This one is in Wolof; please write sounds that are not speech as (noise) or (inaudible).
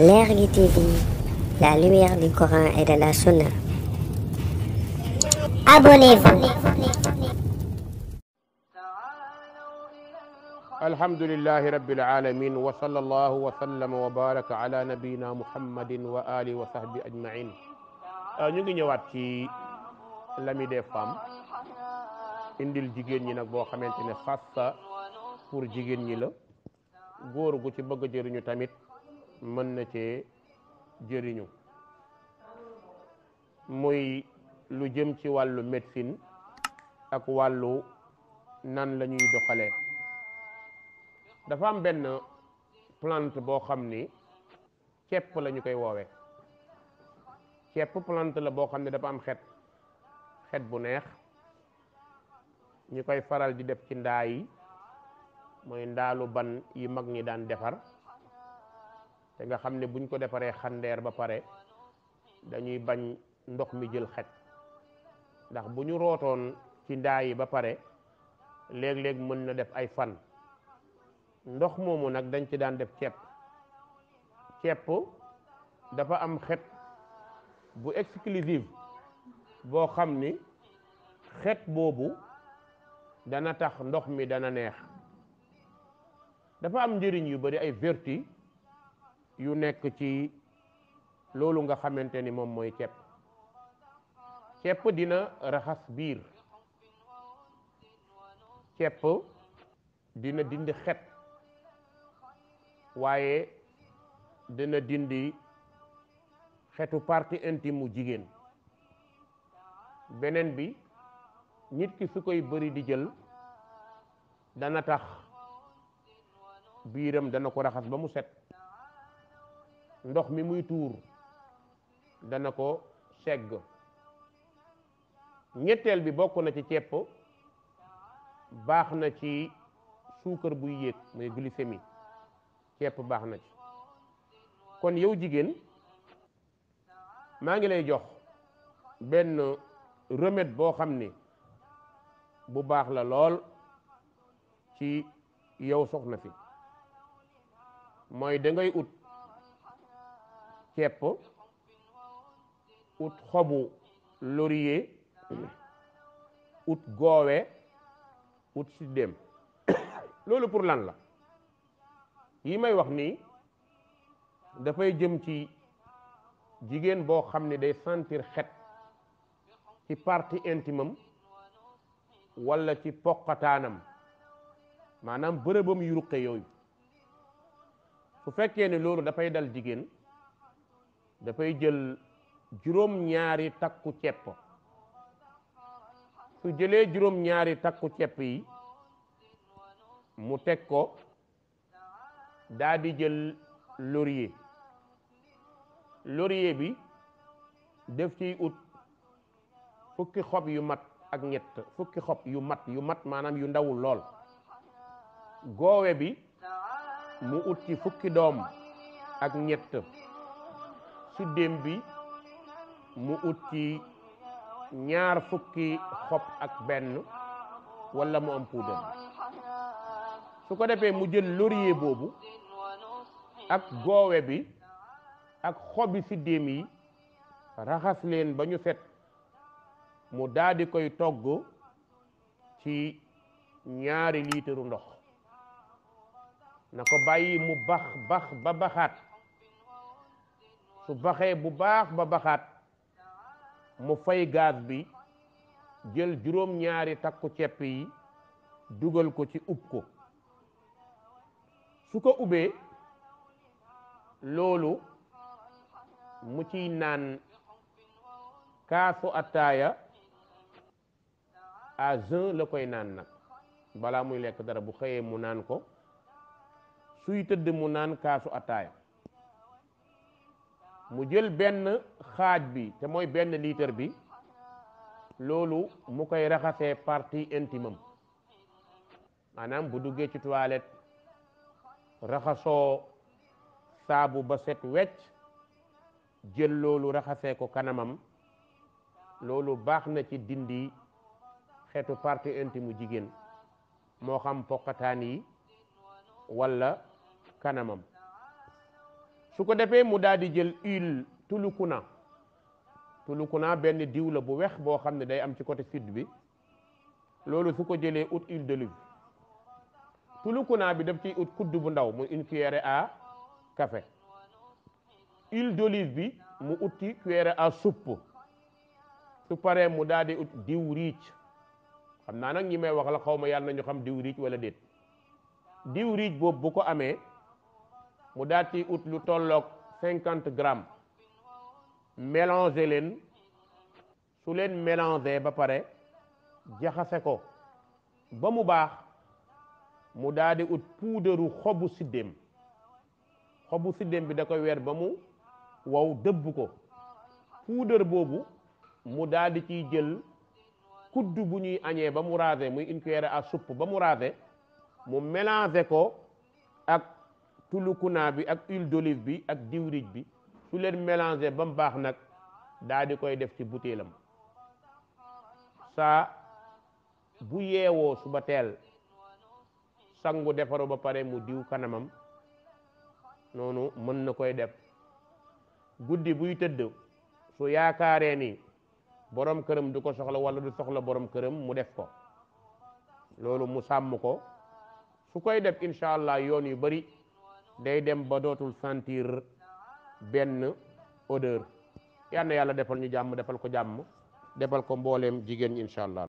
L'air du TV, la lumière du Coran et de la Sunna. Abonnez-vous. Alhamdulillahi rabbil alamin wa sallallahu wa sallama wa baraka ala nabiyyina Muhammadin wa alihi wa sahbihi ajma'in. Euh, ñu ngi ñëwaat ci l'ami des femmes indil jigéen ñi nag boo xamante ne xassa pour jigéen ñi la góor gu ci bëgg jëriñu tamit. mën na cee jëriñu muy lu jëm ci wàllu médecine ak wàllu nan la doxalee dafa am benn plant boo xam ni cepp la koy woowe cepp plante la boo xam ne dafa am xet xet bu neex ñu koy faral di def ci ndaa yi mooy ndaalu ban yi mag ñi daan defar te nga xam ne buñ ko defaree xandeer ba pare dañuy bañ ndox mi jël xet ndax bu ñu rootoon ci ndaa yi ba pare léeg-léeg mën na def ay fan ndox moomu nag dañ ci daan def ceeb ceeb dafa am xet bu exclusive boo xam ni xet boobu dana tax ndox mi dana neex dafa am njëriñ yu bari ay vertu yu nekk ci loolu nga xamante ni moom mooy ceeb ceeb dina raxas biir ceeb dina dindi xet waaye dina dindi xetu partie intime mu jigéen beneen bi nit ki su koy bari di jël dana tax biiram dana ko raxas ba mu set ndox mi muy tuur dana ko segg ñetteel bi bokk na ci cepp baax na ci suukar buy yéeg muy glycémie cepp baax na ci kon yow jigéen maa ngi lay jox benn rëmet boo xam ni bu baax la lool ci yow soxna fi mooy da ut cepp ut xobu laurier ut goowe ut siddéem (coughs) loolu pour lan la yi may wax nii dafay jëm ci jigéen boo xam ne day santir xet ci partie intime walla ci poqataanam maanaam bërëbam yu ruqe yooyu su fekkee ne loolu dafay dal jigéen dafay jël juróom-ñaari takku cepp su jëlee juróom-ñaari takku cepp yi mu teg ko daa di jël laurier laurier bi def ciy ut fukki xob yu mat ak ñett fukki xob yu mat yu mat maanaam yu ndawul lool goowe bi mu ut ci fukki doom ak ñett siddéem bi mu ut ci ñaar fukki xob ak benn wala mu am puudar su ko defee mu jël laurier boobu ak goowe bi ak xobi siddéem yi raxas leen ba ñu set mu daldi koy togg ci ñaari liitaru ndox na ko bàyyi mu bax bax ba baxaat su baxee bu baax ba baxaat mu fay gaz bi jël juróom-ñaari takku cepp yi dugal ko ci ub ko su ko ubbee loolu mu ciy naan kaasu attaaya à la koy naan nag balaa muy lekk dara bu xëyee mu naan ko suy tëdd mu naan kaasu attaaya mu jël benn xaaj bi te mooy benn litre bi loolu mu koy raxasee parti intime maanaam bu duggee ci toilette raxasoo saabu ba set wecc jël loolu raxasee ko kanamam loolu baax na ci dindi xeetu partie intime jigéen moo xam poqataan yi walla kanamam su ko defee mu daal di jël huile tulukuna tulukuna benn diw la bu weex boo xam ne day am ci côté sud bi loolu su ko jëlee ut huile d'olive tulukuna bi daf ci ut kudd bu ndaw mu une cuillère à café huile bi mu ut ci cuillère à supp su paree mu daal di ut diw riic xam naa nag ñi may wax xaw ma yàlla na ñu xam diw riic wala déet diw riic boobu bu ko amee mu daal ci ut lu tolloog cinquante gramme mélanger leen su leen mélanger ba pare jaxase ko ba mu baax mu daldi ut puudaru xobu siddéem xobu siddéem bi da koy weer ba mu waw dëbb ko puudar boobu mu daldi di ciy jël kudd bu ñuy añee ba mu raser muy une cuillère à ba mu raser mu mélanger ko ak tulukunaa bi ak huile d'olive bi ak diwrij bi su leen mélangé ba mu baax nag daa di koy def ci butéelam saa bu yeewoo suba teel sangu defaru ba pare mu diw kanamam noonu mën na koy def guddi buy tëdd su yaakaaree ni borom këram du ko soxla walla du soxla borom këram mu def ko loolu mu sàmm ko su koy def incha allah yoon yu bari day dem ba dootul sentir benn odeur yal na yàlla defal ñu jàmm defal ko jàmm defal ko mbooleem jigéen ñi incha allah